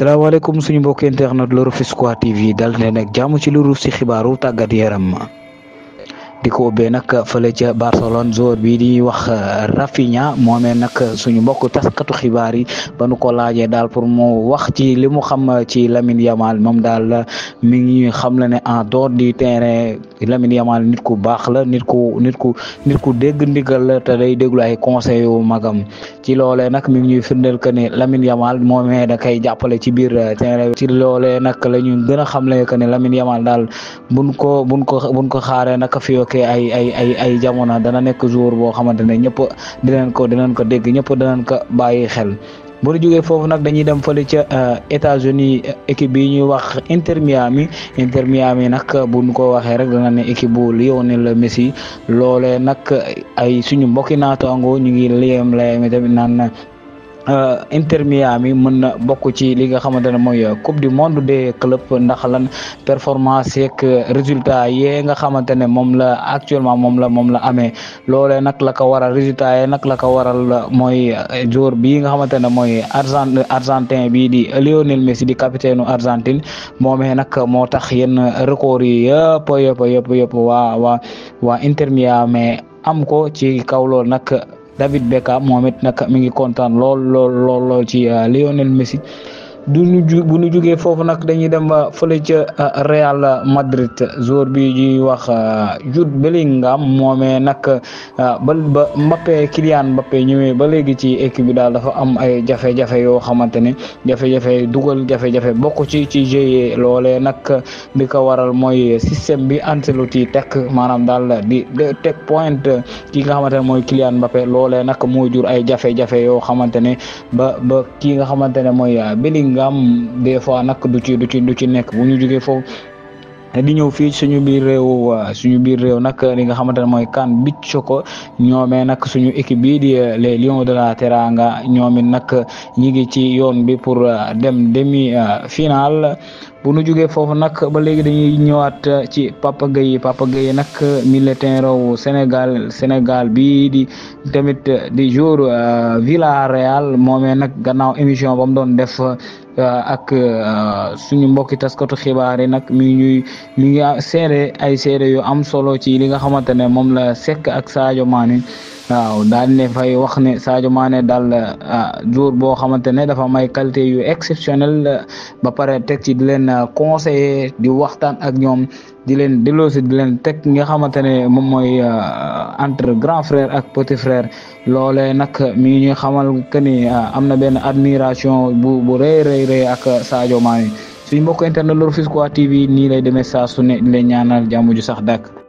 salaamaaleykum suñu mbokk internet Lerufisquois TV dal ne nag jàmm ci lu ruus ci xibaaru tàggat yaram di ko ubbee nag fële ca Barcelone joueur bi di wax eh, Rafinha moomee nag suñu mbokk taskatu xibaar yi ba nu ko laajee daal pour mu wax ci li mu xam ci Lamine Yamal moom daal eh, mi ngi xam la ne en dehors du terrain Lamine Yamal ku baax la nit ku nit ku nit ku dégg ndigal day déglu ay conseils yu magam ci loolee nag mi ngi ñuy firndeel que ne Lamine Yamal moomee da koy jàppale ci biir eh, terrain ci loolee nag la ñu gën a xam le ne Lamine Yamal daal buñ xaaree nag fi toogee ay ay ay ay jamono dana nekk jour boo xamante ne ñëpp dinañ ko dinañ ko dégg ñëpp dinañ ko bàyyi xel. bu ñu jógee foofu nag dañuy dem fële ca eh, États-Unis eh, équipe bi ñu wax Inter Miami Inter Miami nag bu ko waxee rek da nga ne équipe bu Lionel Messi loolee nag ay suñu mbokki naataango ñu ngi layam layam tamit naan. Euh, Inter Miami mën na bokk ci li nga xamante ne mooy euh, coupe du monde des clubs ndax lan performance yeeg euh, résultat yee nga xamante ne moom la actuellement moom la moom la amee loolee nag la ko waral résultat yee nag la ko waral mooy jour bi nga xamante ne mooy argent argentin bii di Lionel Messi di capitaine Argentine moomee nag moo tax yenn record yi yëpp yëpp yëpp yëpp waa waa waa Inter Miami am ko ci kaw loolu nag. David Beckham moom nag mi ngi kontaan lool lool lool ci euh, Lionel Messi. du ñu bu ñu jugee foofu nag dañuy dem fële ca Real Madrid joueur bi ji wax Jude Bellingham moomee nag ba ba Mbappé Kylian Mbappé ñëwee ba léegi ci équipe bi daal dafa am ay jafe-jafe yoo xamante ne jafe-jafe dugal jafe bokk ci ci jeu loolee nag li ko waral mooy système bi Ancelotti tekk maanaam daal di teg point ki nga xamante ne mooy Kylian Mbappé loole nag moo jur ay jafe-jafe yoo xamante ne ba ba ki nga xamante ne mooy nga am des fois nag du ci du ci du ci nekk bu ñu jógee foofu di ñëw fii suñu biir réew suñu biir réew nag li nga xamante ne mooy kan bicco ko ñoomee nag suñu équipe bii di euh, les lions de la Teranga ñoomit nag ñi ngi ci yoon bi pour euh, dem demi euh, final bu nu jógee foofu nag ba léegi dañuy ñëwaat uh, ci Papa Gueye Papa Gueye nag uh, militant raw Sénégal Sénégal bii di tamit uh, di jour Villarreal moomee nag gannaaw émission ba mu doon def ak suñu mbokki taskatu xibaar yi nag mi ngi mi ngi ay seede yu am solo ci li nga xamante ne moom la sekk ak Sadio Mané waaw daal ne fay wax ne Sadio maane daal ah, jour boo xamante ne dafa may qualité yu exceptionnel ba pare teg ci di leen ah, conseiller di waxtaan ak ñoom di leen delloosi di leen teg nga xamante ne moom mooy ah, entre grand frère ak petit frère loolee nag mi ngi ñuy xamal que ni am na benn admiration bu bu rëy rëy rëy ak Sadio Mané suñu mbokk internet Lerufisquois TV nii lay demee saa su ne di leen ñaanal jàmm ju sax dàkk.